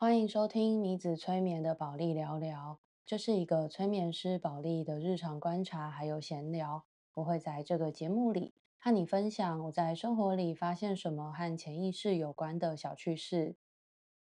歡迎收聽女子催眠的寶莉聊聊，這是一個催眠師寶莉的日常觀察還有閒聊。我會在這個節目裡和你分享我在生活裡發現什麼和潛意識有關的小趣事。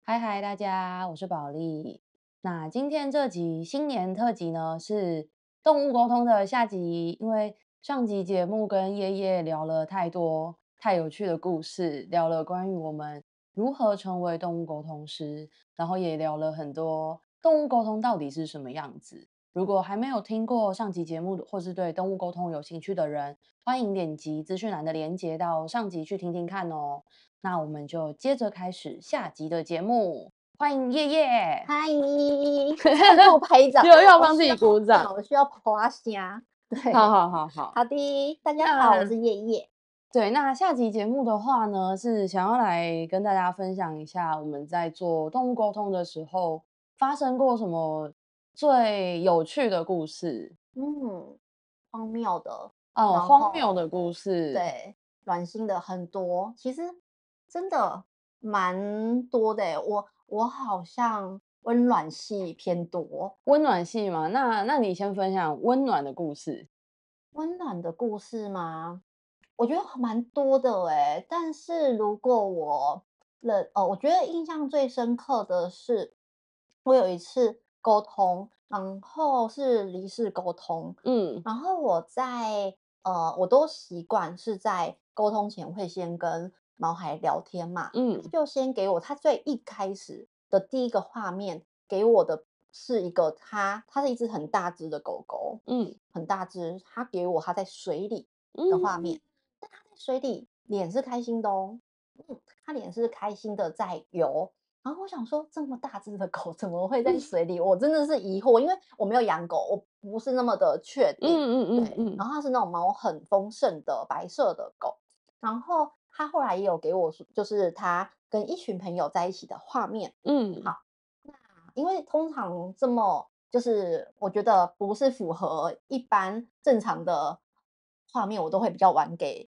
嗨嗨，大家，我是寶莉。那今天這集新年特輯呢，是動物溝通的下集，因為上集節目跟曄曄聊了太多太有趣的故事，聊了關於我們。如何成為動物溝通師？然後也聊了很多動物溝通到底是什麼樣子。如果還沒有聽過上集節目或是對動物溝通有興趣的人，歡迎點擊資訊欄的連接到上集去聽聽看哦。那我們就接着開始下集的節目。歡迎曄曄，嗨，迎 需要，又拍照，又要幫自己鼓掌，我需要爬 l u 對，好好好好好的，大家好，我是曄曄。 對，那下集節目的話呢，是想要來跟大家分享一下我們在做動物溝通的時候發生過什麼最有趣的故事。嗯，荒謬的哦，嗯，荒謬的故事。對，暖心的很多，其實真的蠻多的。我我好像溫暖系偏多，溫暖系嗎？那那你先分享溫暖的故事。溫暖的故事嗎？我覺得蠻多的欸，但是如果我了哦，我覺得印象最深刻的是我有一次溝通，然後是離世溝通，嗯，然後我在呃，我都習慣是在溝通前會先跟毛孩聊天嘛，嗯，就先給我他最一開始的第一個畫面給我的是一個他，他是一隻很大隻的狗狗，嗯，很大隻，他給我他在水裡的畫面。嗯水裡臉是開心的哦，嗯，它臉是開心的在游。然後我想說，這麼大只的狗怎麼會在水裡？嗯。我真的是疑惑，因為我沒有養狗，我不是那麼的確定。嗯嗯嗯，嗯，對。然後它是那種毛很豐盛的白色的狗。然後它後來也有給我，就是它跟一群朋友在一起的畫面。嗯，好。那因為通常這麼，就是我覺得不是符合一般正常的畫面，我都會比較晚給。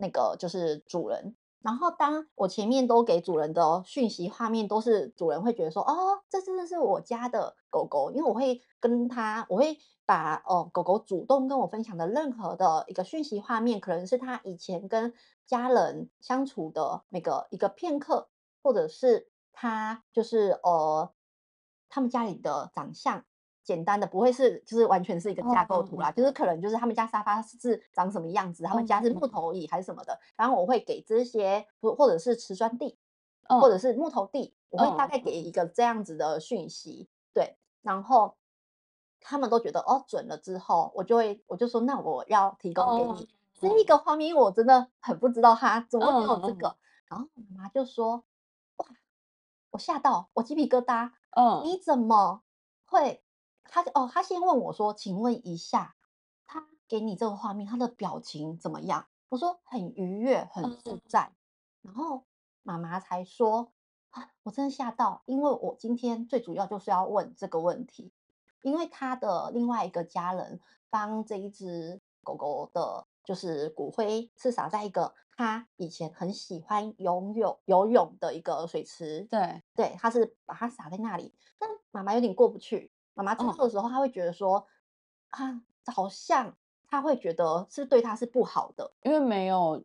那個就是主人，然後當我前面都給主人的訊息畫面，都是主人會覺得說，哦，這真的是我家的狗狗，因為我會跟他，我會把哦、呃、狗狗主動跟我分享的任何的一個訊息畫面，可能是他以前跟家人相處的那個一個片刻，或者是他就是呃他們家裡的長相。簡單的不會是，就是完全是一個架構圖啦，oh、就是可能就是他們家沙發是長什麼樣子，oh、他們家是木頭椅還是什麼的，oh、然後我會給這些，或或者是瓷磚地，oh、或者是木頭地，oh、我會大概給一個這樣子的訊息，oh、對，然後他們都覺得、oh、哦準了之後，我就會我就說那我要提供給你、oh、這一個畫面，因為我真的很不知道他怎麼有這個，oh、然後我媽就說哇，我嚇到我雞皮疙瘩，oh、你怎麼會？他哦，他先問我說：“請問一下，他給你這個畫面，他的表情怎麼樣？”我說很：“很愉悅，很自在。”然後媽媽才說：“啊，我真的嚇到，因為我今天最主要就是要問這個問題，因為他的另外一個家人幫這一隻狗狗的，就是骨灰是撒在一個他以前很喜歡游泳游泳的一個水池。”對，對對，他是把它撒在那裡，但媽媽有點過不去。媽媽出錯的時候，她會覺得說、哦：“啊，好像她會覺得是對她是不好的，因為沒有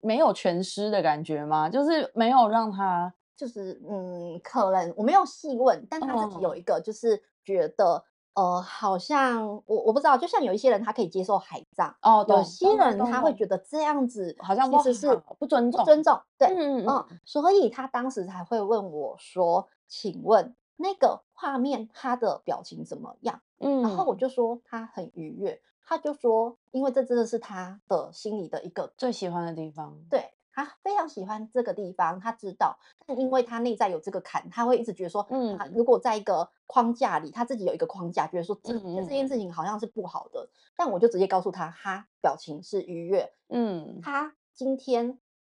沒有全屍的感覺嘛，就是沒有讓她。就是嗯，可能我沒有細問，但她自己有一個就是覺得、哦、呃，好像我我不知道，就像有一些人他可以接受海葬哦對，有些人他會覺得這樣子好像其實是不尊重，不，不，不尊重，不尊重，對，嗯嗯，嗯，所以她當時才會問我說，請問。”那個畫面，他的表情怎麼樣？嗯，然後我就說他很愉悅，他就說，因為這真的是他的心裡的一個最喜歡的地方，對，他非常喜歡這個地方，他知道，但因為他內在有這個坎，他會一直覺得說，嗯，如果在一個框架裡，他自己有一個框架，覺得說這這件事情好像是不好的，嗯，但我就直接告訴他，他表情是愉悅，嗯，他今天。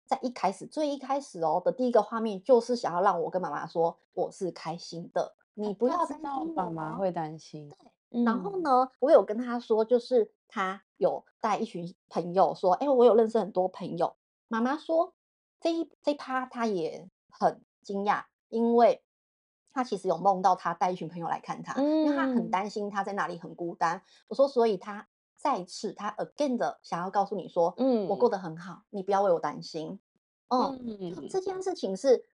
在一開始，最一開始哦、喔、的第一個畫面就是想要讓我跟媽媽說我是開心的，你不要擔心、啊。爸媽會擔心。對、嗯，然後呢，我有跟他說，就是他有帶一群朋友，說，哎、欸，我有認識很多朋友。媽媽說這，這一這趴她也很驚訝，因為她其實有夢到他帶一群朋友來看他，嗯、因為她很擔心他在哪裡很孤單。我說，所以她。再次，他 again 的想要告訴你說，嗯，我過得很好，你不要為我擔心。哦、嗯嗯，這件事情是，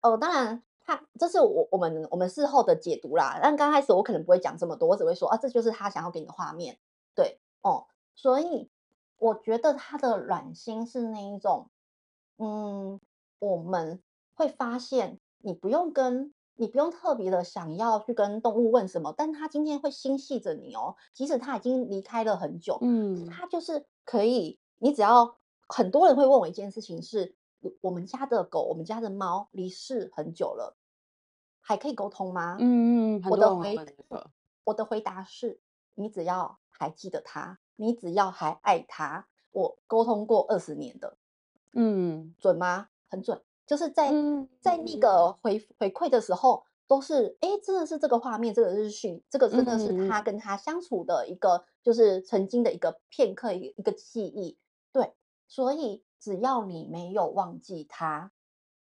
哦、呃，當然他，他這是我我們我們事後的解讀啦。但剛開始我可能不會講這麼多，我只會說啊，這就是他想要給你的畫面。對，哦、嗯，所以我覺得他的暖心是那一種，嗯，我們會發現你不用跟。你不用特別的想要去跟動物問什麼，但它今天會心繫着你哦、喔。即使它已經離開了很久，嗯，它就是可以。你只要很多人會問我一件事情是：我我們家的狗，我們家的貓離世很久了，還可以溝通嗎？嗯，我的回很多人很多我的回答是：你只要還記得它，你只要還愛它，我溝通過二十年的，嗯，準嗎？很準。就是在、嗯、在那個回、嗯、回饋的時候，都是哎、欸，真的是這個畫面，這個訊息，這個真的是他跟他相處的一個，嗯嗯嗯就是曾經的一個片刻一個一個記憶。對，所以只要你沒有忘記他，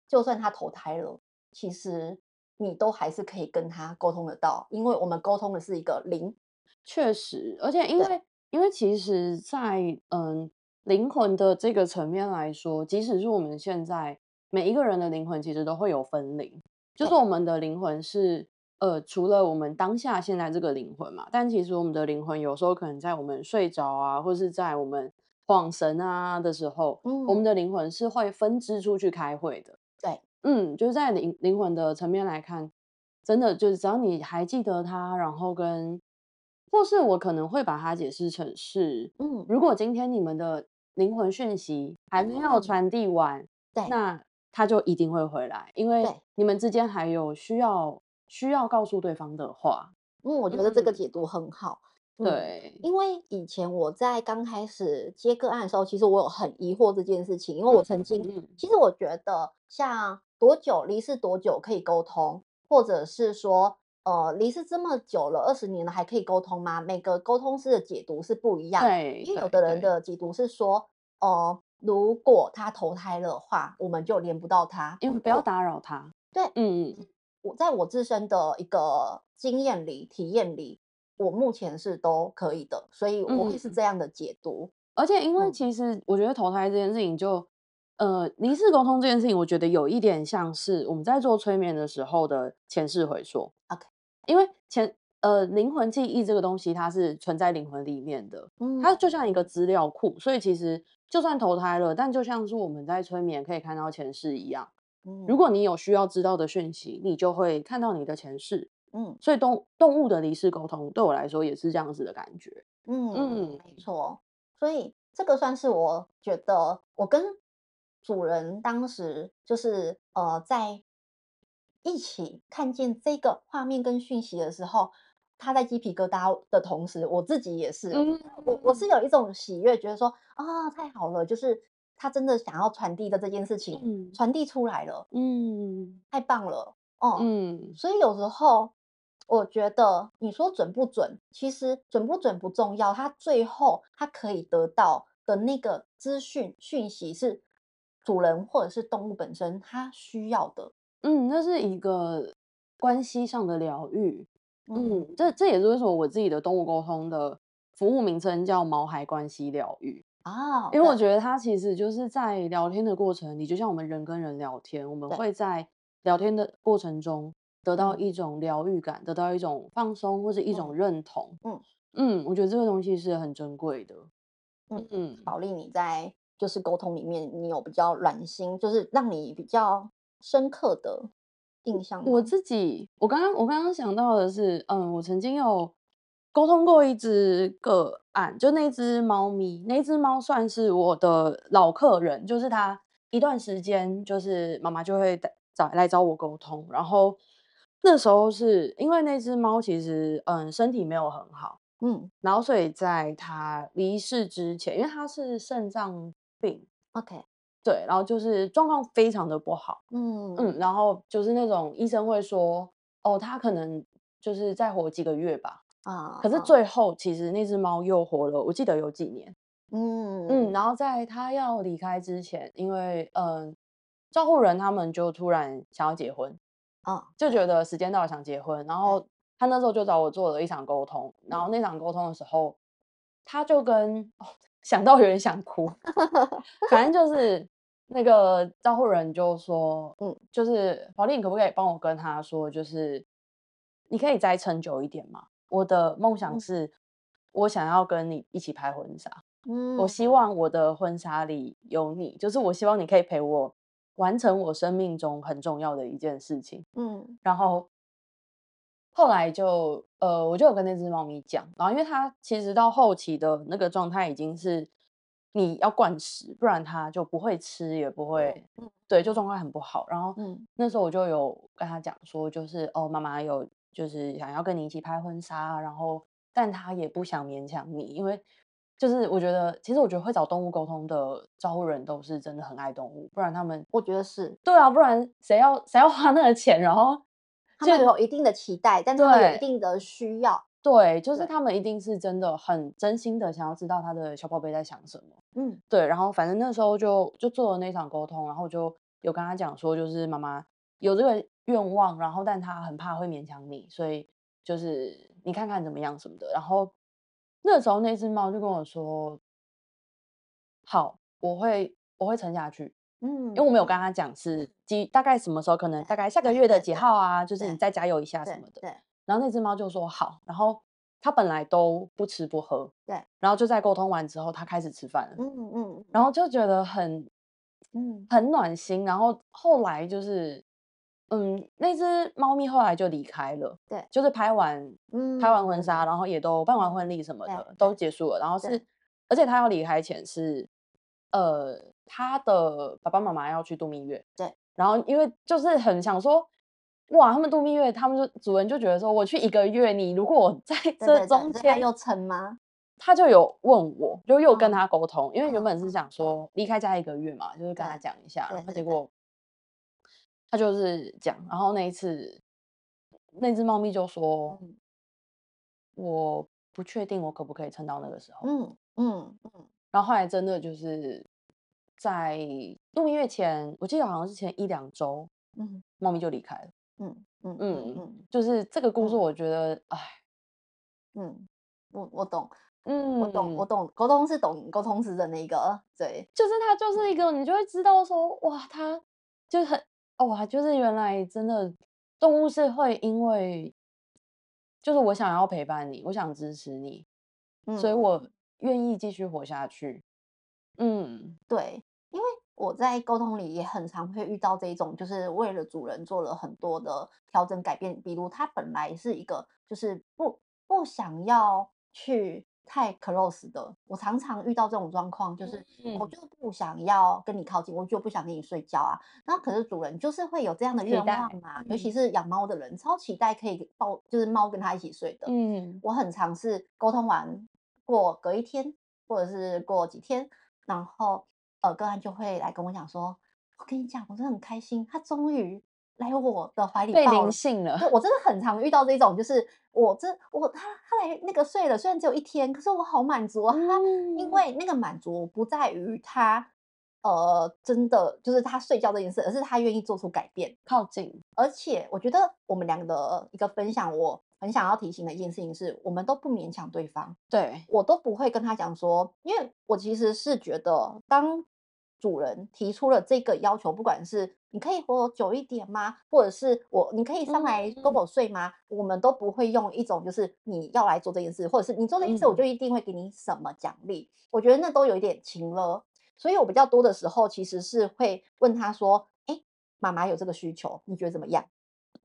就算他投胎了，其實你都還是可以跟他溝通的到，因為我們溝通的是一個靈。確實，而且因為因為其實在，在嗯靈魂的這個層面來說，即使是我們現在。每一個人的靈魂其實都會有分靈，就是我們的靈魂是呃，除了我們當下現在這個靈魂嘛，但其實我們的靈魂有時候可能在我們睡着啊，或是在我們晃神啊的時候，嗯、我們的靈魂是會分支出去開會的。對，嗯，就是在靈靈魂的層面來看，真的就是只要你還記得他，然後跟，或是我可能會把它解釋成是，嗯，如果今天你們的靈魂訊息還沒有傳遞完，嗯，那。對他就一定會回來，因為你們之間還有需要需要告訴對方的話。嗯，我覺得這個解讀很好。嗯、對、嗯，因為以前我在剛開始接個案的時候，其實我有很疑惑這件事情，因為我曾經，我曾經、嗯、其實我覺得像多久離世多久可以溝通，或者是說呃離世這麼久了二十年了還可以溝通嗎？每個溝通師的解讀是不一樣，對對對，因為有的人的解讀是說哦。呃如果他投胎的話，我們就連不到他，因為不要打擾他。對，嗯，我在我自身的一個經驗裡、體驗裡，我目前是都可以的，所以我也是這樣的解讀。嗯、而且，因為其實我覺得投胎這件事情就，就、嗯、呃，靈視溝通這件事情，我覺得有一點像是我們在做催眠的時候的前世回溯。OK，因為前呃，靈魂記憶這個東西，它是存在靈魂裡面的、嗯，它就像一個資料庫，所以其實。就算投胎了，但就像是我們在催眠可以看到前世一樣。嗯，如果你有需要知道的訊息，你就會看到你的前世。嗯，所以動動物的離世溝通對我來說也是這樣子的感覺。嗯嗯，沒錯。所以這個算是我覺得我跟主人當時就是呃在一起看見這個畫面跟訊息的時候，他在雞皮疙瘩的同時，我自己也是，嗯、我我是有一種喜悅，覺得說啊、哦，太好了，就是他真的想要傳遞的這件事情傳遞、嗯、出來了，嗯，太棒了，哦，嗯，所以有時候我覺得你說準不準，其實準不準不重要，他最後他可以得到的那個資訊訊息是主人或者是動物本身他需要的，嗯，那是一個關係上的療癒。嗯，這這也是為什麼我自己的動物溝通的服務名稱叫“毛孩關係療癒”啊、哦，因為我覺得它其實就是在聊天的過程，你就像我們人跟人聊天，我們會在聊天的過程中得到一種療癒感,得感、嗯，得到一種放鬆或者一種認同。嗯嗯，我覺得這個東西是很珍貴的。嗯嗯，寶莉你在就是溝通裡面，你有比較暖心，就是讓你比較深刻的。印象我自己，我剛剛我剛剛想到的是，嗯，我曾經有溝通過一隻個案，就那隻貓咪，那隻貓算是我的老客人，就是他一段時間，就是媽媽就會來找來找我溝通，然後那時候是因為那隻貓其實，嗯，身體沒有很好，嗯，然後所以在他離世之前，因為他是腎臟病，OK。對，然後就是狀況非常的不好，嗯嗯，然後就是那種醫生會說，哦，他可能就是再活幾個月吧，啊、哦，可是最後其實那只貓又活了，哦、我記得有幾年，嗯嗯，然後在他要離開之前，因為嗯、呃，照顧人他們就突然想要結婚，啊、哦，就覺得時間到了想結婚，然後他那時候就找我做了一場溝通，嗯、然後那場溝通的時候，他就跟、哦、想到有點想哭， 反正就是。 那個照護人就說：“嗯，就是寶莉，你可不可以幫我跟他說，就是你可以再撐久一點嘛？我的夢想是、嗯，我想要跟你一起拍婚紗，嗯，我希望我的婚紗裡有你，就是我希望你可以陪我完成我生命中很重要的一件事情，嗯。然後後來就，呃，我就有跟那隻貓咪講，然後因為它其實到後期的那個狀態已經是。”你要灌食，不然他就不會吃，也不會，嗯、對，就狀況很不好。然後、嗯、那時候我就有跟他講說，就是哦，媽媽有就是想要跟你一起拍婚紗，然後但他也不想勉強你，因為就是我覺得，其實我覺得會找動物溝通的招呼人都是真的很愛動物，不然他們我覺得是對啊，不然誰要誰要花那個錢，然後他們有一定的期待，但是他們有一定的需要。對，就是他們一定是真的很真心的，想要知道他的小寶貝在想什麼。嗯，對，然後反正那時候就就做了那一場溝通，然後就有跟他講說，就是媽媽有這個願望，然後但他很怕會勉強你，所以就是你看看怎麼樣什麼的。然後那時候那只貓就跟我說，好，我會我會撐下去。嗯，因為我沒有跟他講是幾大概什麼時候，可能大概下個月的幾號啊，就是你再加油一下什麼的。嗯、對。對對然後那隻貓就說好，然後它本來都不吃不喝，對，然後就在溝通完之後，它開始吃飯了，嗯嗯，然後就覺得很、嗯，很暖心。然後後來就是，嗯，那只貓咪後來就離開了，對，就是拍完，嗯、拍完婚紗，然後也都辦完婚禮什麼的都結束了。然後是，而且他要離開前是，呃，他的爸爸媽媽要去度蜜月，對，然後因為就是很想說。哇，他們度蜜月，他們就主人就覺得說，我去一個月，你如果我在這中間，他又撐嗎？他就有問我，就又跟他溝通、哦，因為原本是想說離開家一個月嘛，哦、就是跟他講一下，對對對他結果他就是講，然後那一次那只貓咪就說、嗯，我不確定我可不可以撐到那個時候，嗯嗯嗯，然後後來真的就是在度蜜月前，我記得好像是前一兩周，嗯，貓咪就離開了。嗯嗯嗯嗯，就是這個故事，我覺得，哎、嗯，嗯，我我懂，嗯我懂，我懂，我懂，溝通是懂溝通時的那個，對，就是他就是一個，你就會知道說，哇，他就很哇、哦，就是原來真的動物是會因為，就是我想要陪伴你，我想支持你，嗯、所以我願意繼續活下去，嗯，嗯對，因為。我在溝通裡也很常會遇到這一種，就是為了主人做了很多的調整改變，比如它本來是一個就是不不想要去太 close 的。我常常遇到這種狀況，就是我就不想要跟你靠近，我就不想跟你睡覺啊。那可是主人就是會有這樣的願望嘛，尤其是養貓的人，超期待可以抱，就是貓跟他一起睡的。嗯，我很常是溝通完過隔一天或者是過幾天，然後。呃，個案就會來跟我講說：“我跟你講，我真的很開心，他終於來我的懷裡抱了。”被靈性了，對我真的很常遇到這種，就是我真，我，我他他來那個睡了，雖然只有一天，可是我好滿足啊、嗯。因為那個滿足不在於他呃，真的就是他睡覺這件事，而是他願意做出改變、靠近。而且我覺得我們兩個的一個分享，我很想要提醒的一件事情是，我們都不勉強對方。對我都不會跟他講說，因為我其實是覺得當。主人提出了這個要求，不管是你可以活久一點嗎？或者是我你可以上來跟我睡嗎、嗯？我們都不會用一種就是你要來做這件事，或者是你做那件事，我就一定會給你什麼獎勵、嗯。我覺得那都有一點情了，所以我比較多的時候其實是會問他說：“哎、欸，媽媽有這個需求，你覺得怎麼樣？”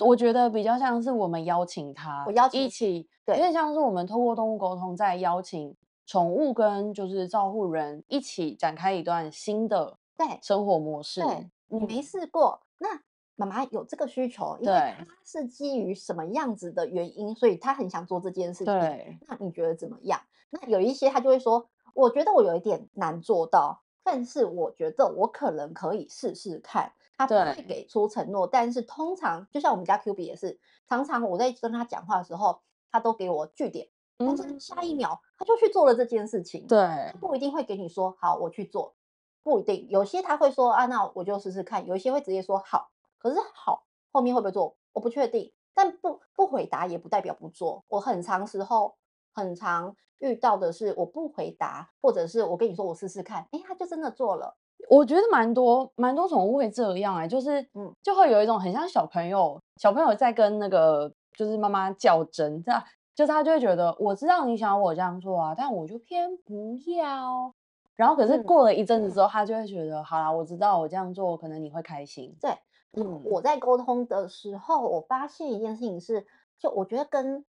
我覺得比較像是我們邀請他，我邀請一起，對，因為像是我們通過動物溝通在邀請。寵物跟就是照護人一起展開一段新的對生活模式，對，對，你沒試過？那媽媽有這個需求，因為他是基於什麼樣子的原因，所以他很想做這件事情。對。那你覺得怎麼樣？那有一些他就會說：“我覺得我有一點難做到，但是我覺得我可能可以試試看。”他不會給出承諾，但是通常就像我們家 QB 也是，常常我在跟他講話的時候，他都給我句點、嗯，但是下一秒。他就去做了這件事情，對，不一定會給你說好，我去做，不一定。有些他會說啊，那我就試試看，有一些會直接說好，可是好後面會不會做，我不確定。但不不回答，也不代表不做。我很長時候，很常遇到的是，我不回答，或者是我跟你說我試試看，哎，他就真的做了。我覺得蠻多，蠻多寵物會這樣，欸，就是嗯，就會有一種很像小朋友，小朋友在跟那個就是媽媽較真，這樣。就是他就會覺得，我知道你想我這樣做啊，但我就偏不要。然後，可是過了一陣子之後、嗯，他就會覺得，嗯、好啦，我知道我這樣做可能你會開心。對，嗯，我在溝通的時候，我發現一件事情是，就我覺得跟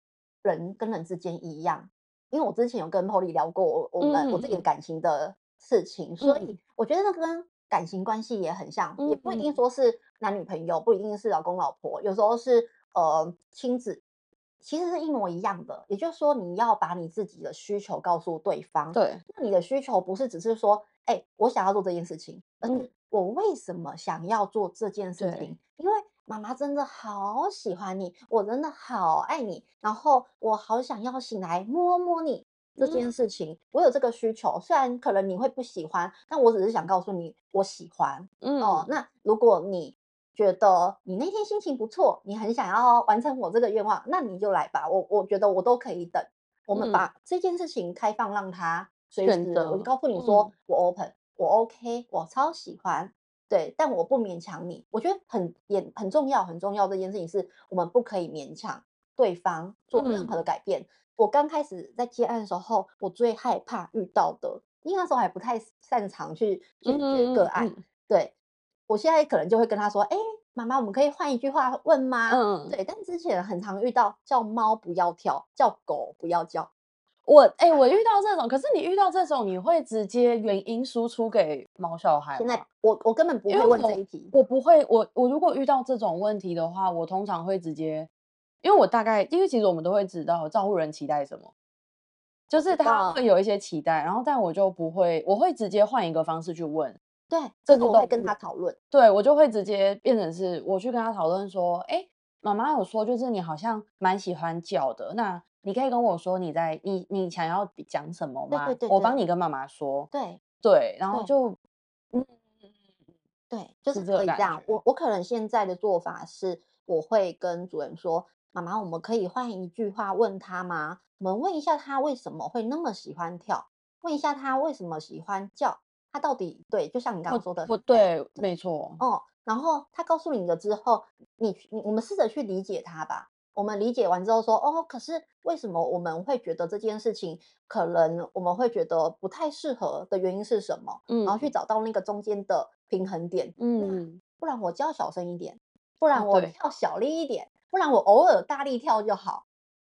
人跟人之間一樣，因為我之前有跟 Polly 聊過我我們、嗯、我自己的感情的事情，嗯、所以我覺得這跟感情關係也很像、嗯，也不一定說是男女朋友，不一定是老公老婆，有時候是呃親子。其實是一模一樣的，也就是說，你要把你自己的需求告訴對方。對，那你的需求不是只是說，哎、欸，我想要做這件事情，嗯、而你，我為什麼想要做這件事情？因為媽媽真的好喜歡你，我真的好愛你，然後我好想要醒來摸摸你這件事情，嗯、我有這個需求。雖然可能你會不喜歡，但我只是想告訴你，我喜歡。嗯哦、呃，那如果你。覺得你那天心情不錯，你很想要完成我這個願望，那你就來吧。我我覺得我都可以等、嗯，我們把這件事情開放，讓他隨時選擇。我就告訴你說、嗯，我 open，我 OK，我超喜歡。對，但我不勉強你。我覺得很也很重要，很重要。這件事情是我們不可以勉強對方做任何的改變、嗯。我剛開始在接案的時候，我最害怕遇到的，因為那時候還不太擅長去解決個案。嗯嗯對。我現在可能就會跟他說：“哎、欸，媽媽，我們可以換一句話問嗎？”嗯，對。但之前很常遇到叫貓不要跳，叫狗不要叫。我哎、欸，我遇到這種，可是你遇到這種，你會直接原因輸出給貓小孩嗎？現在我我根本不會問這一題。我，我不會，我我如果遇到這種問題的話，我通常會直接，因為我大概，因為其實我們都會知道照護人期待什麼，就是他會有一些期待，然後但我就不會，我會直接換一個方式去問。對，這個我會跟他討論。對，我就會直接變成是我去跟他討論說：“哎，媽媽有說，就是你好像蠻喜歡叫的，那你可以跟我說你在你你想要講什麼嗎？對，對對對，我幫你跟媽媽說。對對，然後就對、嗯，對，就是可以這樣。這樣我我可能現在的做法是，我會跟主人說：媽媽，我們可以換一句話問他嗎？我們問一下他為什麼會那麼喜歡跳，問一下他為什麼喜歡叫。”他到底對，就像你剛剛說的，不、哦、對，沒錯。哦，然後他告訴你了之後，你你我們試着去理解他吧。我們理解完之後說，哦，可是為什麼我們會覺得這件事情可能我們會覺得不太適合的原因是什麼？嗯、然後去找到那個中間的平衡點。嗯，不然我就要小聲一點，不然我跳小力一點，啊，不然我偶爾大力跳就好。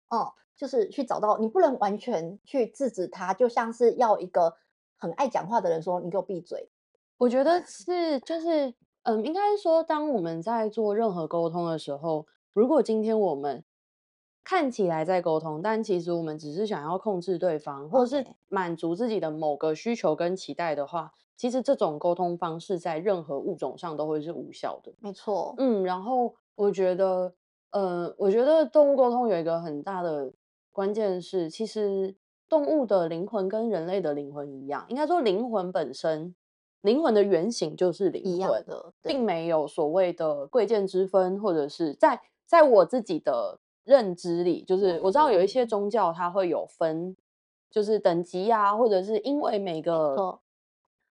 哦，就是去找到你不能完全去制止他，就像是要一個。很愛講話的人說：“你給我閉嘴。”我覺得是，就是，嗯，應該說，當我們在做任何溝通的時候，如果今天我們看起來在溝通，但其實我們只是想要控制對方，或者是滿足自己的某個需求跟期待的話，okay. 其實這種溝通方式在任何物種上都會是無效的。沒錯，嗯，然後我覺得，呃，我覺得動物溝通有一個很大的關鍵是，其實。動物的靈魂跟人類的靈魂一樣，應該說靈魂本身，靈魂的原型就是靈魂的，並沒有所謂的貴賤之分，或者是在在我自己的認知裡，就是我知道有一些宗教它會有分，就是等級啊，或者是因為每個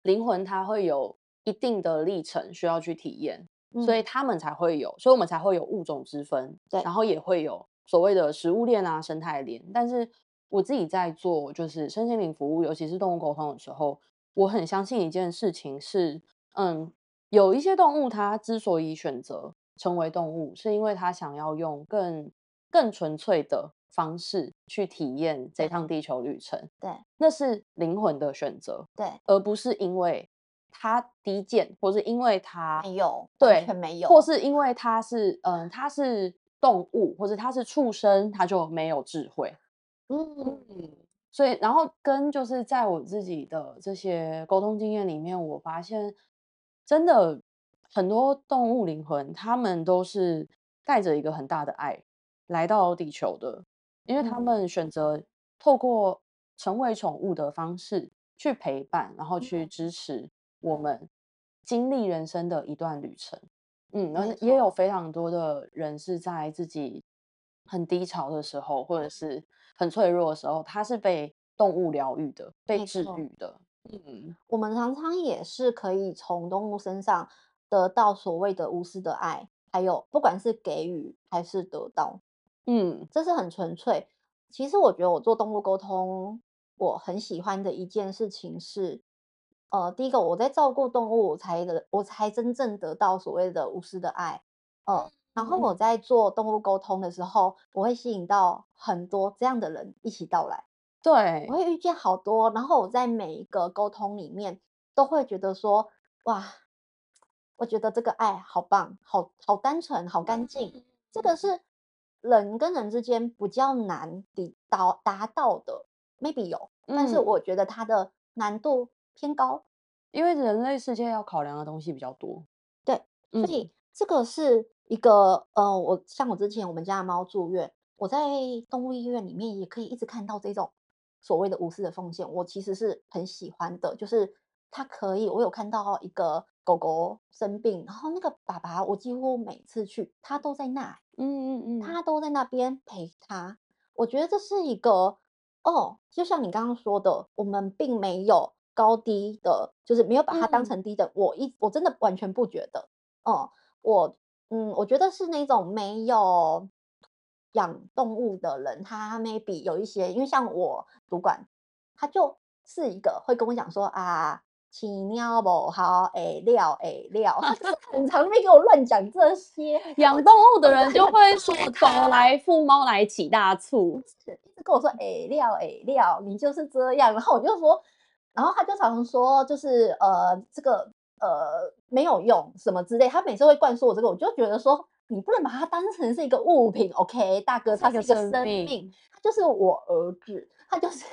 靈魂它會有一定的歷程需要去體驗、嗯，所以他們才會有，所以我們才會有物種之分，對，然後也會有所謂的食物鏈啊、生態鏈，但是，我自己在做就是身心靈服務，尤其是動物溝通的時候，我很相信一件事情是，嗯，有一些動物它之所以選擇成為動物，是因為它想要用更更純粹的方式去體驗這趟地球旅程。對，那是靈魂的選擇。對，而不是因為它低賤，或是因為它沒有，對，完全沒有，或是因為它是嗯，它是動物，或是它是畜生，它就沒有智慧。嗯，所以然後跟就是在我自己的這些溝通經驗裡面，我發現真的很多動物靈魂，他們都是帶着一個很大的愛來到地球的，因為他們選擇透過成為寵物的方式去陪伴，然後去支持我們經歷人生的一段旅程。嗯，也有非常多的人是在自己很低潮的時候，或者是。很脆弱的時候，它是被動物療愈的，被治愈的。嗯，我們常常也是可以從動物身上得到所謂的無私的愛，還有不管是給予還是得到，嗯，這是很純粹。其實我覺得我做動物溝通，我很喜歡的一件事情是，呃，第一個，我在照顧動物，我才得，我才真正得到所謂的無私的愛。嗯、呃。然後我在做動物溝通的時候，嗯，我會吸引到很多這樣的人一起到來。對，我會遇見好多。然後我在每一個溝通裡面，都會覺得說：“哇，我覺得這個愛好棒，好好單純，好乾淨。”這個是人跟人之間比較難抵到達，達到的，maybe 有、嗯，但是我覺得它的難度偏高，因為人類世界要考量的東西比較多。對，所以、嗯、這個是。一個呃，我像我之前我們家的貓住院，我在動物醫院裡面也可以一直看到這種所謂的無私的奉獻，我其實是很喜歡的。就是它可以，我有看到一個狗狗生病，然後那個爸爸，我幾乎每次去，它都在那，嗯嗯嗯，它都在那邊陪它。我覺得這是一個哦，就像你剛剛說的，我們並沒有高低的，就是沒有把它當成低等、嗯。我一我真的完全不覺得，哦、嗯，我。嗯，我覺得是那種沒有養動物的人，他 maybe 有一些，因為像我主管，他就是一個會跟我講說啊，棄尿不好，哎料哎料，很常會給我亂講這些。養 動物的人就會說狗來富，貓來起大厝，一 直跟我說哎料哎料，你就是這樣。然後我就說，然後他就常常說，就是呃這個。呃，沒有用什麼之類，他每次會灌輸我這個，我就覺得說，你不能把它當成是一個物品，OK？大哥，他是一個生命，他、這個、就是我兒子，他就是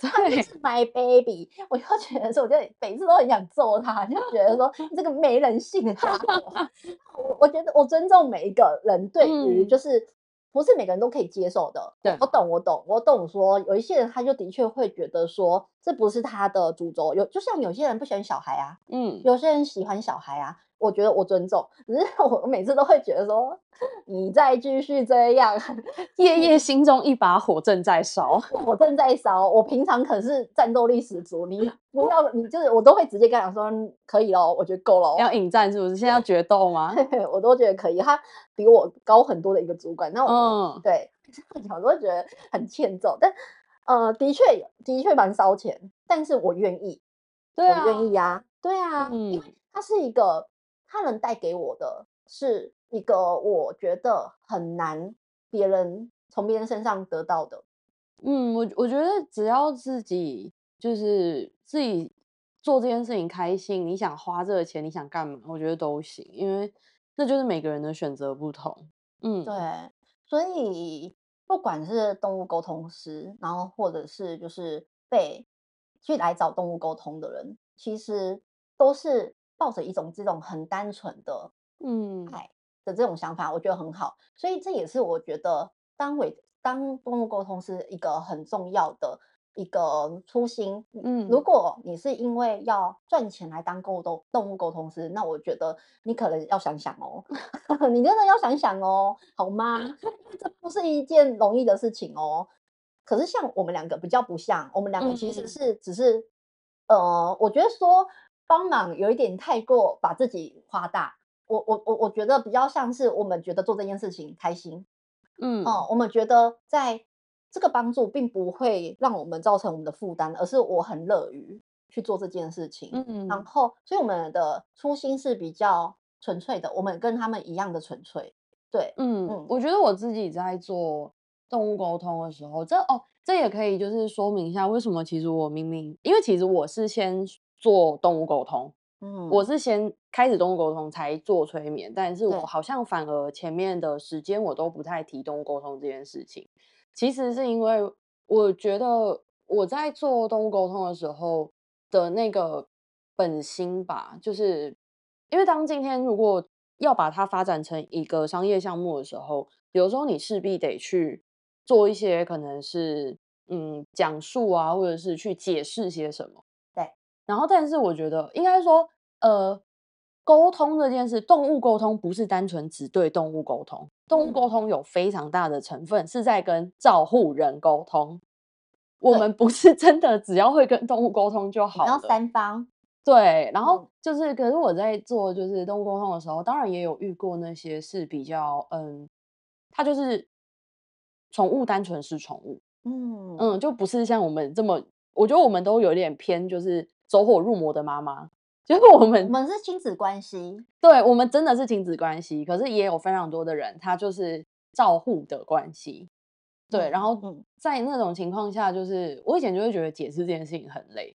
他就是 my baby。我就覺得說，我就每次都很想揍他， 就覺得說 這個沒人性的傢伙。 我我覺得我尊重每一個人對於就是。嗯不是每個人都可以接受的。對，我懂我懂我懂。我懂我懂，說有一些人，他就的確會覺得說，這不是他的主軸，有就像有些人不喜歡小孩啊，嗯，有些人喜歡小孩啊。我覺得我尊重，只是我每次都會覺得說，你再繼續這樣，夜夜心中一把火正在燒，火正在燒。我平常可是戰鬥力十足，你不要，你就是我都會直接跟他說，可以嘍，我覺得夠了，要引戰是不是？現在要決鬥嗎？我都覺得可以，他比我高很多的一個主管，那我嗯，對，這樣講我都覺得很欠揍，但呃，的確的確蠻燒錢，但是我願意，對啊、我願意啊，對啊，嗯，因為他是一個。他能帶給我的是一個我覺得很難別人從別人身上得到的。嗯，我我覺得只要自己就是自己做這件事情開心，你想花這個錢，你想幹嘛，我覺得都行，因為那就是每個人的選擇不同，嗯，對，所以不管是動物溝通師，然後或者是就是被去來找動物溝通的人，其實都是。抱着一種這種很單純的嗯愛的這種想法，我覺得很好。所以這也是我覺得當偉當動物溝通是一個很重要的一個初心。嗯，如果你是因為要賺錢來當動物動物溝通師，那我覺得你可能要想想哦， 你真的要想想哦，好嗎？ 這不是一件容易的事情哦。可是像我們兩個比較不像，我們兩個其實是、嗯、只是呃，我覺得說。幫忙有一點太過把自己誇大，我我我我覺得比較像是我們覺得做這件事情開心，嗯哦、嗯，我們覺得在這個幫助並不會讓我們造成我們的負擔，而是我很樂於去做這件事情，嗯，嗯，然後所以我們的初心是比較純粹的，我們跟他們一樣的純粹，對嗯，嗯，我覺得我自己在做動物溝通的時候，這哦這也可以就是說明一下為什麼其實我明明因為其實我是先。做動物溝通，嗯，我是先開始動物溝通才做催眠，但是我好像反而前面的時間我都不太提動物溝通這件事情。其實是因為我覺得我在做動物溝通的時候的那個本心吧，就是因為當今天如果要把它發展成一個商業項目的時候，有時候你勢必得去做一些可能是嗯講述啊，或者是去解釋些什麼。然後，但是我覺得應該說，呃，溝通這件事，動物溝通不是單純只對動物溝通，動物溝通有非常大的成分、嗯、是在跟照護人溝通。我們不是真的只要會跟動物溝通就好了。然後三方對，然後就是、嗯，可是我在做就是動物溝通的時候，當然也有遇過那些是比較，嗯，他就是寵物單純是寵物，嗯嗯，就不是像我們這麼，我覺得我們都有點偏，就是。走火入魔的媽媽，結果，我們，我們是親子關係，對，我們真的是親子關係。可是也有非常多的人，他就是照護的關係、嗯，對。然後在那種情況下，就是我以前就會覺得解釋這件事情很累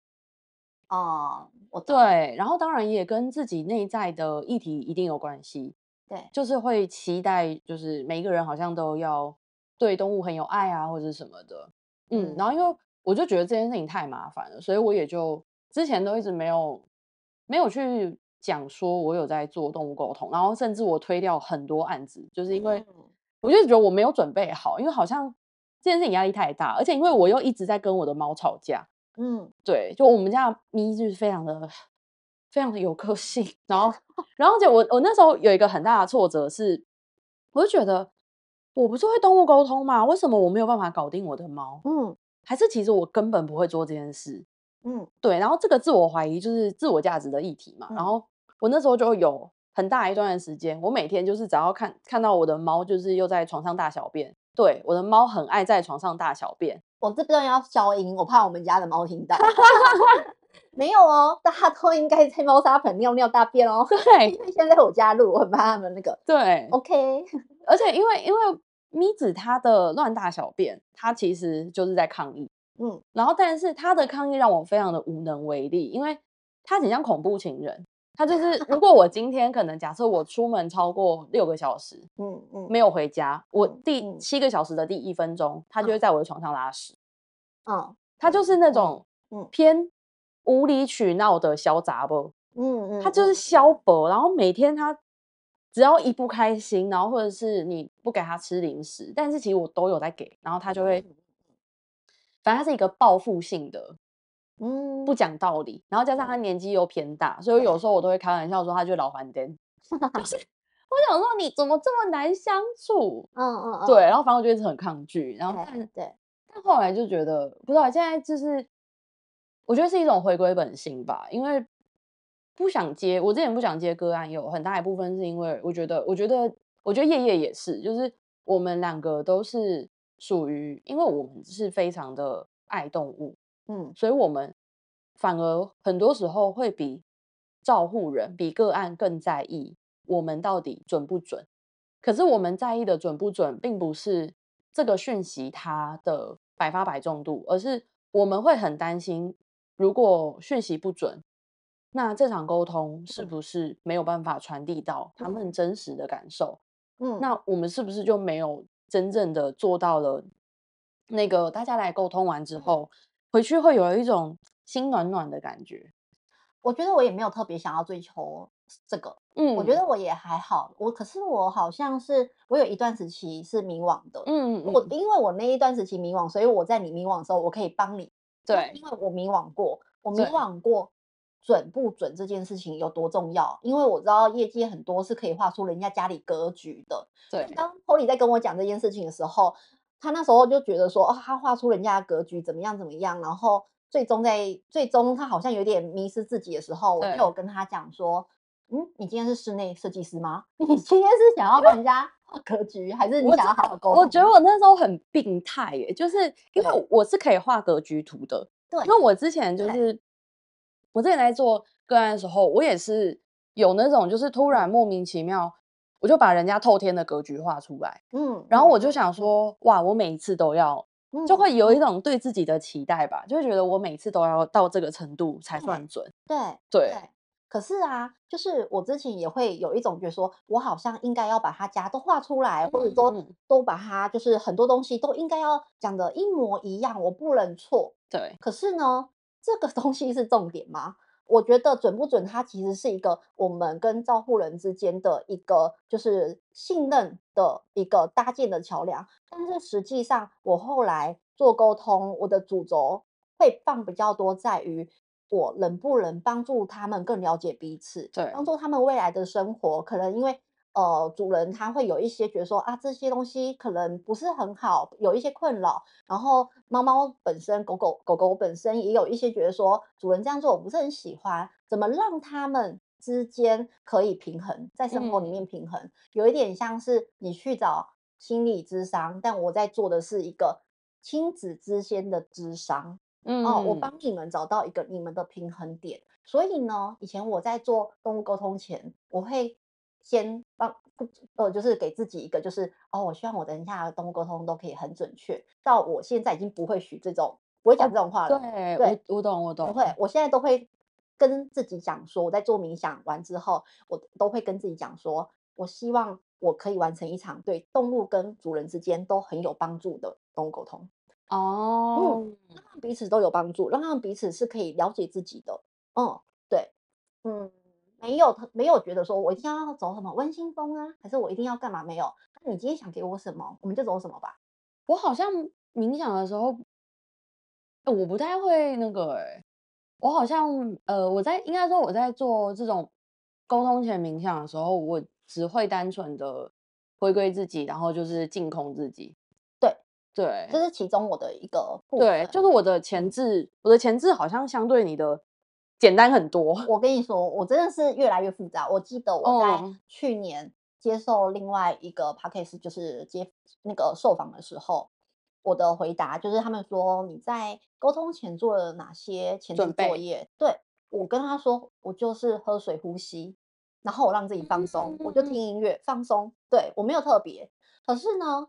哦。我對。然後當然也跟自己內在的議題一定有關係，對，就是會期待，就是每一個人好像都要對動物很有愛啊，或者什麼的，嗯。然後因為我就覺得這件事情太麻煩了，所以我也就。之前都一直沒有沒有去講說，我有在做動物溝通，然後甚至我推掉很多案子，就是因為我就覺得我沒有準備好，因為好像這件事情壓力太大，而且因為我又一直在跟我的貓吵架，嗯，對，就我們家咪就是非常的非常的有個性，然後 然後就我我那時候有一個很大的挫折是，我就覺得我不是會動物溝通嗎？為什麼我沒有辦法搞定我的貓？嗯，還是其實我根本不會做這件事。嗯，對，然後這個自我懷疑就是自我價值的議題嘛。嗯、然後我那時候就有很大一段時間，我每天就是只要看看到我的貓，就是又在床上大小便。對，我的貓很愛在床上大小便。我這邊要消音，我怕我們家的貓聽到。 沒有哦，大家都應該在貓砂盆尿尿大便哦。對， 因為現在我加入，我很怕他們那個。對，OK。 而且因為因為咪子它的亂大小便，它其實就是在抗議。嗯，然後但是他的抗議讓我非常的無能為力，因為他很像恐怖情人，他就是如果我今天可能假設我出門超過六個小時， 嗯嗯，沒有回家，我第七個小時的第一分鐘，嗯、他就會在我的床上拉屎，嗯、啊，他就是那種偏無理取鬧的小雜博，嗯嗯，嗯，他就是小博，然後每天他只要一不開心，然後或者是你不給他吃零食，但是其實我都有在給，然後他就會。反正他是一個報復性的，嗯，不講道理，然後加上他年紀又偏大，所以有時候我都會開玩笑說他就老還點、 就是、 我想說你怎麼這麼難相處？嗯嗯，嗯對。然後反正我就一直很抗拒，然後對，但後來就覺得，不知道現在就是，我覺得是一種回歸本性吧。因為不想接，我之前不想接個案，有很大一部分是因為我覺得，我覺得，我覺得曄曄也是，就是我們兩個都是。屬於，因為我們是非常的愛動物，嗯，所以我們反而很多時候會比照護人、嗯、比個案更在意我們到底準不準。可是我們在意的準不準，並不是這個訊息它的百發百中度，而是我們會很擔心，如果訊息不準，那這場溝通是不是沒有辦法傳遞到他們真實的感受？嗯，那我們是不是就沒有？真正的做到了，那個大家來溝通完之後，嗯，回去會有一種心暖暖的感覺。我覺得我也沒有特別想要追求這個，嗯，我覺得我也還好。我可是我好像是我有一段時期是迷惘的，嗯，嗯，我因為我那一段時期迷惘，所以我在你迷惘的時候，我可以幫你。對，因為我迷惘過，我迷惘過。準不準這件事情有多重要？因為我知道業界很多是可以畫出人家家裡格局的。對，當寶莉在跟我講這件事情的時候，他那時候就覺得說，哦，他畫出人家的格局怎麼樣怎麼樣，然後最終在最終他好像有點迷失自己的時候，我就有跟他講說，嗯，你今天是室內設計師嗎？ 你今天是想要跟人家畫格局，還是你想要好好溝通？我覺得我那時候很病態耶，就是因為我是可以畫格局圖的。對，因為我之前就是。我之前在做個案的時候，我也是有那種，就是突然莫名其妙，我就把人家透天的格局畫出來，嗯，然後我就想說，嗯、哇，我每一次都要、嗯，就會有一種對自己的期待吧，就會覺得我每次都要到這個程度才算準，嗯、對對,對,對。可是啊，就是我之前也會有一種覺得說，我好像應該要把它家都畫出來，嗯、或者說都,都把它，就是很多東西都應該要講的一模一樣，我不能錯，對。可是呢。這個東西是重點嗎？我覺得準不準，它其實是一個我們跟照顧人之間的一個就是信任的一個搭建的橋梁。但是實際上，我後來做溝通，我的主軸會放比較多在於我能不能幫助他們更了解彼此，對，幫助他們未來的生活。可能因為。呃，主人他會有一些覺得說啊，這些東西可能不是很好，有一些困擾。然後貓貓本身、狗狗狗狗本身也有一些覺得說，主人這樣做我不是很喜歡。怎麼讓他們之間可以平衡，在生活裡面平衡，嗯、有一點像是你去找心理諮商，但我在做的是一個親子之間的諮商。嗯，哦，我幫你們找到一個你們的平衡點。所以呢，以前我在做動物溝通前，我會。先幫、呃、就是給自己一個，就是哦，我希望我等一下動物溝通都可以很準確。到我現在已經不會許這種，不會講這種話了。哦、對，對我，我懂，我懂。不會，我現在都會跟自己講說，我在做冥想完之後，我都會跟自己講說，我希望我可以完成一場對動物跟主人之間都很有幫助的動物溝通。哦，嗯，讓彼此都有幫助，讓他們彼此是可以了解自己的。嗯，對，嗯。沒有，他沒有覺得說，我一定要走什麼溫馨風啊，還是我一定要幹嘛？沒有。那你今天想給我什麼，我們就走什麼吧。我好像冥想的時候，我不太會那個誒、欸，我好像呃，我在應該說我在做這種溝通前冥想的時候，我只會單純的回歸自己，然後就是淨空自己。對對，這是其中我的一個部分。對，就是我的前置，我的前置好像相對你的。簡單很多。我跟你說，我真的是越來越複雜。我記得我在去年接受另外一個 podcast，就是接那個受訪的時候，我的回答就是他們說你在溝通前做了哪些前置作業？對，我跟他說，我就是喝水、呼吸，然後我讓自己放鬆，我就聽音樂放鬆。對，我沒有特別。可是呢，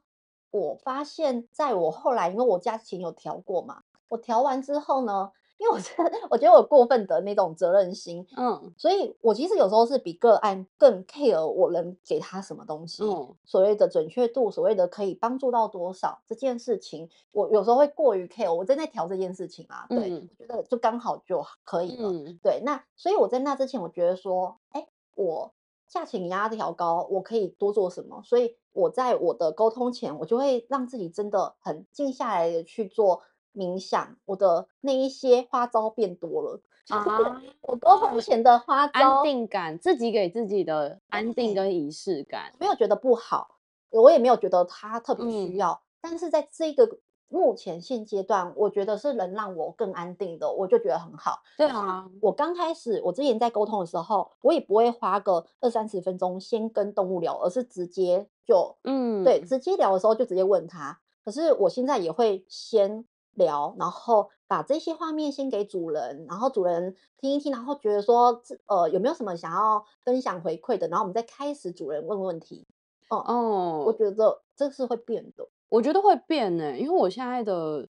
我發現在我後來，因為我家琴有調過嘛，我調完之後呢。因為我是我覺得我有過分的那種責任心，嗯，所以我其實有時候是比個案更 care 我能給他什麽東西，嗯，所謂的準確度，所謂的可以幫助到多少這件事情，我有時候會過於 care，我正在調這件事情啊，對，嗯，我覺得就剛好就可以了，嗯，對，那所以我在那之前，我覺得說，哎，欸，我價錢壓得調高，我可以多做什麽？所以我在我的溝通前，我就會讓自己真的很靜下來，的去做。冥想，我的那一些花招變多了啊！我溝通前的花招，安定感，自己給自己的安定跟儀式感，沒有覺得不好，我也沒有覺得他特別需要、嗯。但是在這個目前現階段，我覺得是能讓我更安定的，我就覺得很好。對啊，嗯、我剛開始我之前在溝通的時候，我也不會花個二三十分鐘先跟動物聊，而是直接就嗯，對，直接聊的時候就直接問他。可是我現在也會先。聊，然後把這些畫面先給主人，然後主人聽一聽，然後覺得說，呃，有沒有什麼想要分享回饋的？然後我們再開始主人問問、問題，嗯。哦，我覺得這、這是會變的，我覺得會變呢，因為我現在的，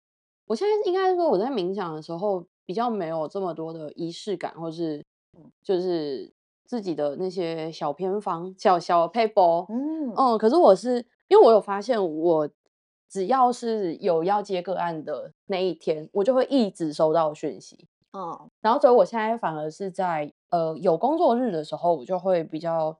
我現在應該說我在冥想的時候比較沒有這麼多的儀式感，或是就是自己的那些小偏方，小小 paper，嗯嗯。可是我是因為我有發現我。只要是有要接個案的那一天，我就會一直收到訊息。嗯，然後所以我現在反而是在呃有工作日的時候，我就會比較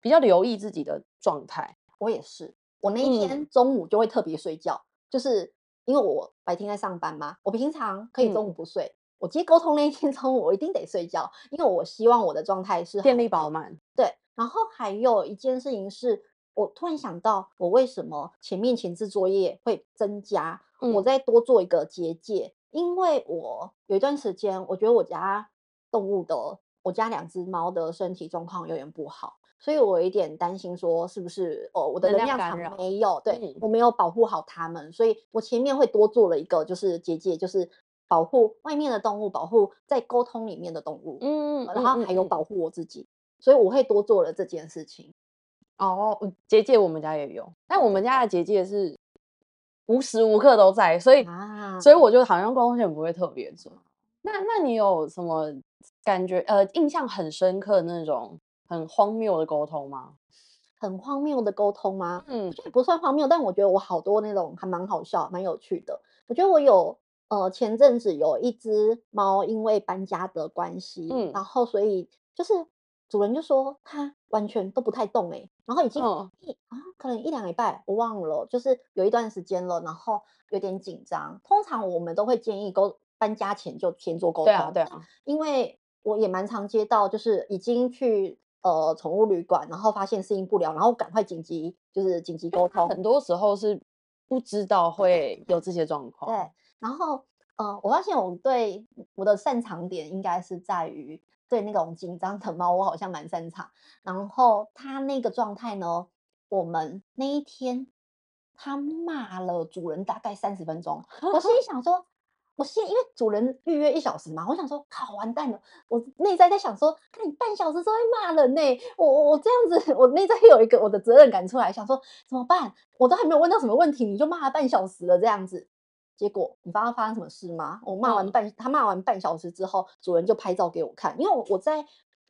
比較留意自己的狀態。我也是，我那一天中午就會特別睡覺，嗯，就是因為我白天在上班嘛，我平常可以中午不睡，嗯、我接溝通那一天中午我一定得睡覺，因為我希望我的狀態是好，電力飽滿。對，然後還有一件事情是。我突然想到，我為什麼前面前置作業會增加、嗯？我再多做一個結界，因為我有一段時間，我覺得我家動物的，我家兩隻貓的身體狀況有點不好，所以我有一點擔心，說是不是哦，我的能量場沒有，對，我沒有保護好它們，所以我前面會多做了一個，就是結界，就是保護外面的動物，保護在溝通裡面的動物，嗯，然後還有保護我自己嗯嗯嗯，所以我會多做了這件事情。哦，結界我們家也有，但我們家的結界是無時無刻都在，所以啊，所以我就好像光線不會特別準。那那你有什麼感覺？呃，印象很深刻的那種很荒謬的溝通嗎？很荒謬的溝通嗎？嗯，我覺得也不算荒謬，但我覺得我好多那種還蠻好笑、蠻有趣的。我覺得我有呃，前陣子有一只貓因為搬家的關係，嗯，然後所以就是主人就說它完全都不太動哎、欸。然後已經一啊、嗯，可能一兩禮拜，我忘了，就是有一段時間了，然後有點緊張。通常我們都會建議溝搬家前就先做溝通，對啊，對啊。因為我也蠻常接到，就是已經去呃寵物旅館，然後發現適應不了，然後趕快緊急就是緊急溝通。很多時候是不知道會有這些狀況。對，然後嗯、呃，我發現我對我的擅長點應該是在於。對那種緊張的貓，我好像蠻擅長。然後它那個狀態呢，我們那一天它罵了主人大概三十分鐘。我心想說，我心因為主人預約一小時嘛，我想說，好完蛋了。我內在在想說，看你半小時之後會罵人呢、欸，我我我這樣子，我內在有一個我的責任感出來，想說怎麼辦？我都還沒有問到什麼問題，你就罵了半小時了，這樣子。結果你知道發生什麼事嗎？我罵完半，嗯、他罵完半小時之後，主人就拍照給我看。因為我我在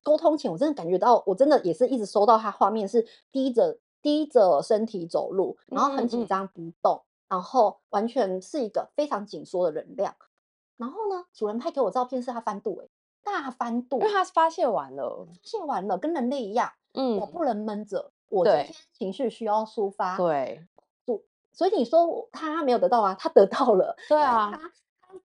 溝通前，我真的感覺到，我真的也是一直收到他畫面是低着低着身體走路，然後很緊張不動，嗯嗯嗯，然後完全是一個非常緊縮的能量。然後呢，主人拍給我照片是他翻肚、欸，大翻肚，因為他是發洩完了，發洩完了，跟人類一樣，嗯，我不能悶着，我今天情緒需要抒發，對。對所以你說他沒有得到啊？他得到了。對啊，他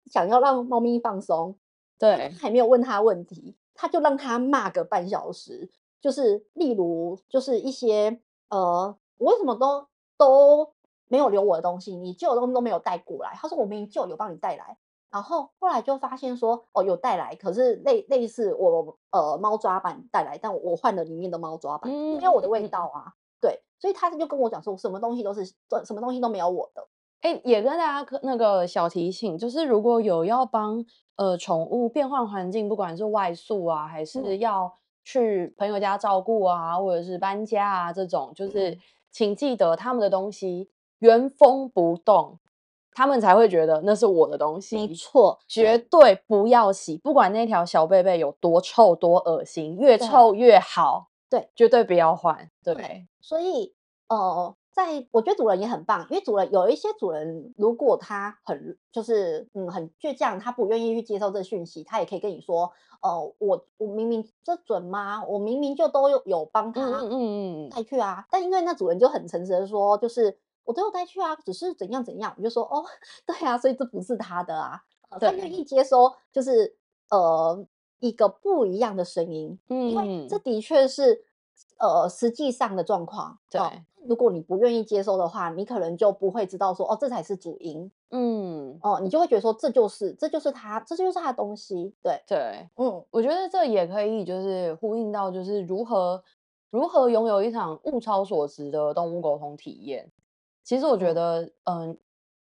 想要讓貓咪放鬆。對，他還沒有問他問題，他就讓他罵個半小時。就是例如，就是一些呃，我為什麼都都沒有留我的東西？你舊的東西都沒有帶過來。他說我明明就有幫你帶來，然後後來就發現說，哦，有帶來，可是類類似我呃貓抓板帶來，但我換了裡面的貓抓板，嗯，沒有我的味道啊，對。對所以他就跟我講說，什麼東西都是，什麼東西都沒有我的。哎、欸，也跟大家那個小提醒，就是如果有要幫呃寵物變換環境，不管是外宿啊，還是要去朋友家照顧啊，或者是搬家啊這種，就是、嗯、請記得他們的東西原封不動，他們才會覺得那是我的東西。沒錯，絕對不要洗，不管那條小被被有多臭多噁心，越臭越好。對，絕對不要換。對，okay, 所以呃，在我覺得主人也很棒，因為主人有一些主人，如果他很就是嗯很倔強，他不願意去接受這訊息，他也可以跟你說，呃，我我明明這準嗎？我明明就都有有幫他帶去啊嗯嗯嗯。但因為那主人就很誠實的說，就是我都有帶去啊，只是怎樣怎樣，我就說哦，對啊，所以這不是他的啊。他願意接收，就是呃。一個不一樣的聲音，嗯，因為這的確是，呃，實際上的狀況。對，哦、如果你不願意接受的話，你可能就不會知道說，哦，這才是主因。嗯，哦，你就會覺得說，這就是，這就是他，這就是他的東西。對，對，嗯，我覺得這也可以就是呼應到，就是如何如何擁有一場物超所值的動物溝通體驗。其實我覺得，嗯、呃，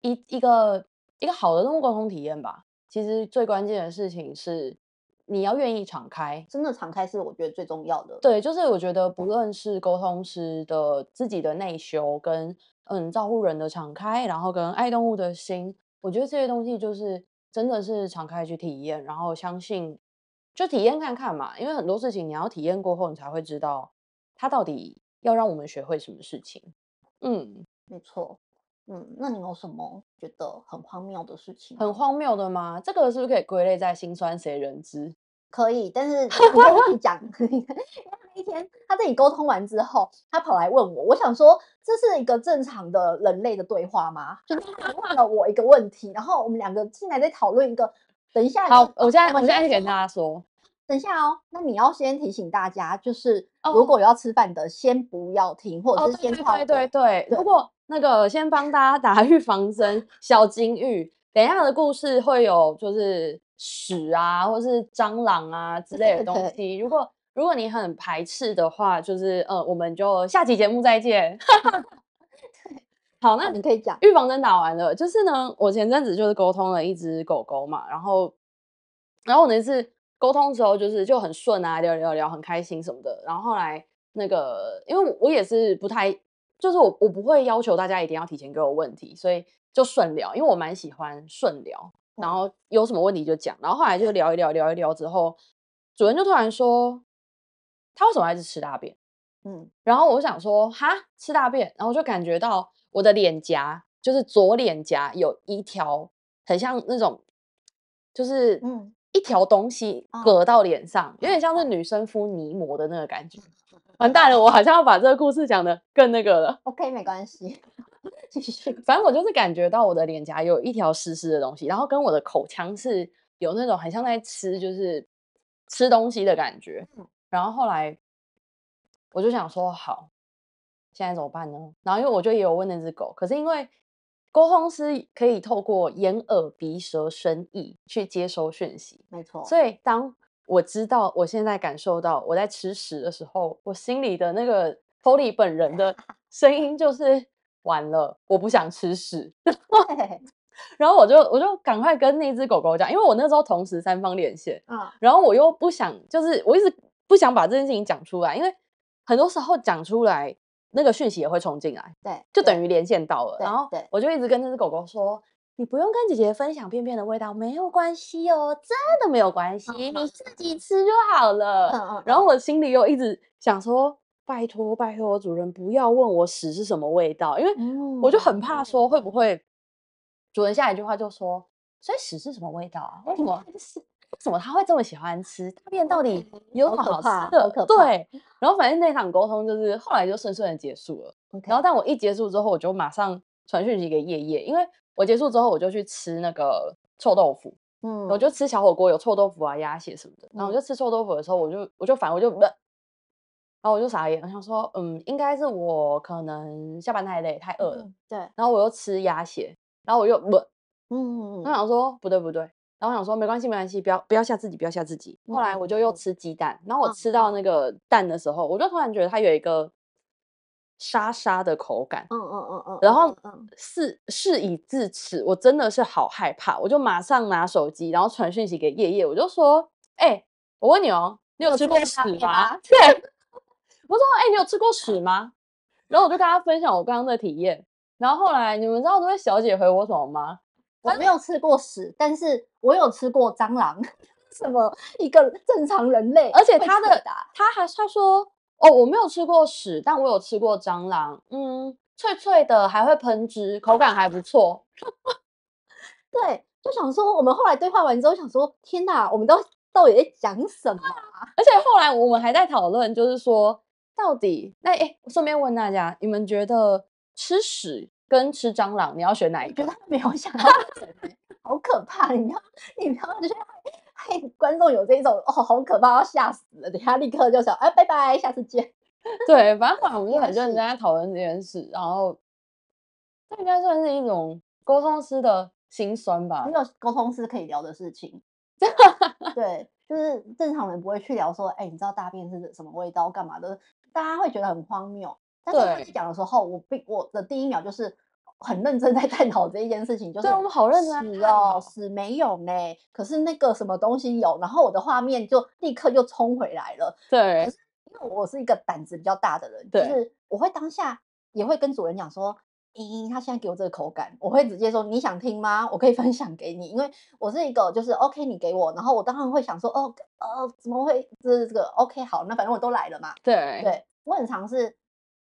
一一,一個一個好的動物溝通體驗吧，其實最關鍵的事情是。你要願意敞開，真的敞開是我覺得最重要的。對，就是我覺得不論是溝通師的自己的內修跟，跟嗯照顧人的敞開，然後跟愛動物的心，我覺得這些東西就是真的是敞開去體驗，然後相信就體驗看看嘛。因為很多事情你要體驗過後，你才會知道它到底要讓我們學會什麼事情。嗯，沒錯。嗯，那你有什麼覺得很荒謬的事情？很荒謬的嗎？這個是不是可以歸類在“心酸誰人知”？可以，但是你講 他這去講，因為他那天他自己溝通完之後，他跑來問我，我想說這是一個正常的人類的對話嗎？就 他問了我一個問題，然後我們兩個進來再討論一個。等一下一，好，我現在我現在去跟大家說。等一下哦，那你要先提醒大家，就是如果有要吃飯的、哦，先不要聽，或者是先、哦、對對對對對，對如果。那個先幫大家打預防針，小金玉，等一下的故事會有就是屎啊，或是蟑螂啊之類的東西。如果如果你很排斥的話，就是呃，我們就下期節目再見。 好，那你可以講，預防針打完了。就是呢，我前陣子就是溝通了一只狗狗嘛，然後然後我那次溝通的時候就是就很順啊，聊聊聊很開心什麼的。然後後來那個因為我，我也是不太。就是我，我不會要求大家一定要提前給我問題，所以就順聊，因為我蠻喜歡順聊，然後有什麼問題就講，然後後來就聊一聊，聊一聊之後，主人就突然說，他為什麼還是吃大便？嗯，然後我就想說，哈，吃大便，然後就感覺到我的臉頰，就是左臉頰有一條很像那種，就是嗯，一條東西擱到臉上，有點像是女生敷泥膜的那個感覺。完蛋了，我好像要把這個故事講得更那個了。OK，沒關係， 反正我就是感覺到我的臉頰有一條濕濕的東西，然後跟我的口腔是有那種很像在吃，就是吃東西的感覺。嗯。然後後來我就想說，好，現在怎麼辦呢？然後因為我就也有問那只狗，可是因為溝通師可以透過眼、耳、鼻、舌、身、意去接收訊息，沒錯。所以當我知道，我現在感受到我在吃屎的時候，我心裡的那個 Polly 本人的聲音就是完了，我不想吃屎。 欸、嘿嘿，然後我就我就趕快跟那隻狗狗講，因為我那時候同時三方連線、嗯。然後我又不想，就是我一直不想把這件事情講出來，因為很多時候講出來，那個訊息也會衝進來。對。就等於連線到了，對，然後我就一直跟那隻狗狗說。你不用跟姐姐分享便便的味道，沒有關係哦，真的沒有關係，哦、你自己吃就好了，哦哦。然後我心裡又一直想說，拜托拜托，主人不要問我屎是什麼味道，因為我就很怕說會不會、哦、主人下一句話就說，所以屎是什麼味道啊？為什麼？哦、為什麼他會這麼喜歡吃大便？到底有什麼、哦、好，怕好，好吃的，哦好怕？對。然後反正那場溝通就是後來就順順的結束了。嗯、然後但我一結束之後，我就馬上傳訊息給曄曄，因為。我結束之後，我就去吃那個臭豆腐，嗯，我就吃小火鍋，有臭豆腐啊、鴨血什麼的、嗯。然後我就吃臭豆腐的時候我，我就我就反我就然後我就傻眼，我想說，嗯，應該是我可能下班太累、太餓了。嗯、對。然後我又吃鴨血，然後我又嗯，嗯我想說不對不對，然後我想說沒關係沒關係，不要不要嚇自己，不要嚇自己、嗯。後來我就又吃雞蛋，然後我吃到那個蛋的時候，嗯、我就突然覺得它有一個。沙沙的口感，嗯嗯嗯嗯，然後，事事已至此，我真的是好害怕，我就馬上拿手機，然後傳訊息給曄曄，我就說，哎、欸，我問你哦，你有吃過屎嗎？ 對，我說，哎、欸，你有吃過屎嗎？然後我就跟他分享我剛剛的體驗，然後後來你們知道這位小姐回我什麼嗎？我沒有吃過屎，但是我有吃過蟑螂， 什麼一個正常人類，而且他的他還他說。哦，我沒有吃過屎，但我有吃過蟑螂，嗯，脆脆的，還會噴汁，口感還不錯。 對，就想說，我們後來對話完之後，想說，天哪，我們都到底在講什麼啊？而且後來我們還在討論，就是說，到底，那，誒，順便問大家，你們覺得吃屎跟吃蟑螂，你要選哪一個？他們沒有想到，好可怕，你要，你不要這樣。嘿觀眾有這一種哦，好可怕，要嚇死了！等下立刻就想，哎，拜拜，下次見。 對，反正我們就很認真在討論這件事，然後，這應該算是一種溝通師的心酸吧？沒有溝通師可以聊的事情， 對，就是正常人不會去聊說，哎、欸，你知道大便是什麼味道，幹嘛的？大家會覺得很荒謬。但是跟你講的時候，我並我的第一秒就是。很認真在探討這一件事情，嗯、就是對、就是、我們好認真哦，是沒有呢。可是那個什麼東西有，然後我的畫面就立刻又衝回來了。對，因為我是一個膽子比較大的人，就是我會當下也會跟主人講說，咦、欸，他現在給我這個口感，我會直接說你想聽嗎？我可以分享給你，因為我是一個就是 OK，你給我，然後我當然會想說，哦，哦怎麼會？就是這個、這個、OK 好，那反正我都來了嘛。對，對我很嘗試。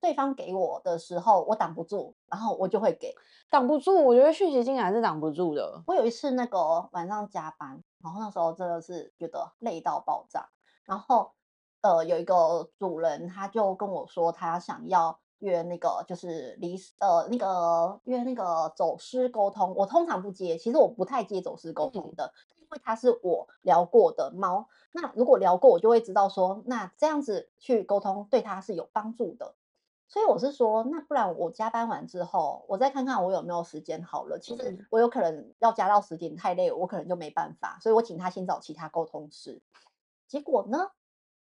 對方給我的時候，我擋不住，然後我就會給擋不住。我覺得訊息進來是擋不住的。我有一次那個晚上加班，然後那時候真的是覺得累到爆炸。然後呃，有一個主人他就跟我說，他想要約那個就是離呃那個約那個走失溝通。我通常不接，其實我不太接走失溝通的，嗯、因為他是我聊過的貓。那如果聊過，我就會知道說，那這樣子去溝通對他是有幫助的。所以我是說，那不然我加班完之後，我再看看我有沒有時間好了。其實我有可能要加到十點，太累，我可能就沒辦法。所以我請他先找其他溝通師。結果呢，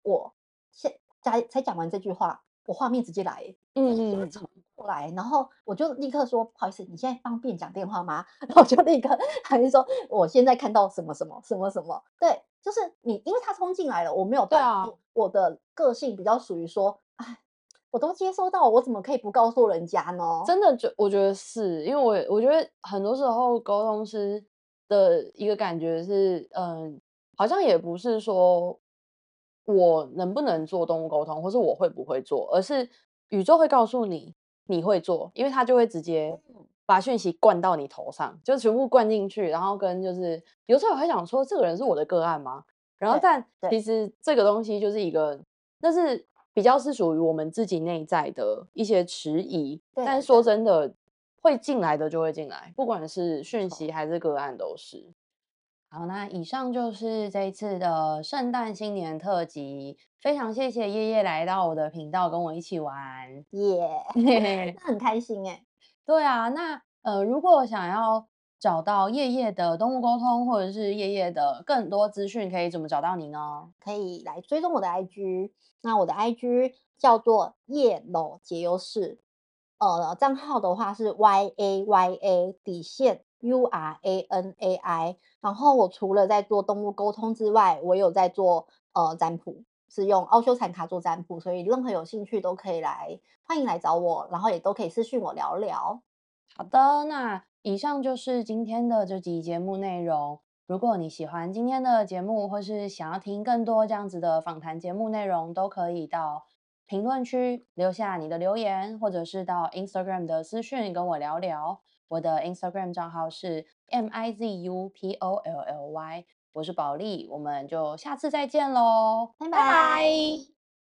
我先才才講完這句話，我畫面直接來，嗯嗯，來，然後我就立刻說，不好意思，你現在方便講電話嗎？然後我就立刻還是說，我現在看到什麼什麼什麼什麼，對，就是你，因為他衝進來了，我沒有辦法、對啊、我，我的個性比較屬於說。我都接收到，我怎麼可以不告訴人家呢？真的就，就我覺得是因為我，我覺得很多時候溝通師的一個感覺是，嗯、呃，好像也不是說我能不能做動物溝通，或是我會不會做，而是宇宙會告訴你你會做，因為他就會直接把訊息灌到你頭上，就全部灌進去，然後跟就是有時候我還想說，這個人是我的個案嗎？然後但其實這個東西就是一個，但、就是。比較是屬於我們自己內在的一些遲疑、啊，但說真的，會進來的就會進來，不管是訊息還是個案都是。好，那以上就是這一次的聖誕新年特輯，非常謝謝曄曄來到我的頻道跟我一起玩，耶、yeah, 那很開心哎、欸。對啊，那呃，如果想要。找到曄曄的動物溝通，或者是曄曄的更多資訊，可以怎麼找到您呢？可以來追蹤我的 IG，那我的 IG 叫做曄の解憂室，呃，賬號的話是 YAYA 底線 uranai。-A -A 然後我除了在做動物溝通之外，我也有在做呃占卜，是用奧修禪卡做占卜，所以任何有興趣都可以來，歡迎來找我，然後也都可以私訊我聊聊。好的，那。以上就是今天的這集節目內容。如果你喜歡今天的節目，或是想要聽更多這樣子的訪談節目內容，都可以到評論區留下你的留言，或者是到 Instagram 的私訊跟我聊聊。我的 Instagram 賬號是 m i z u p o l l y，我是寶莉，我們就下次再見嘍，拜拜。Bye bye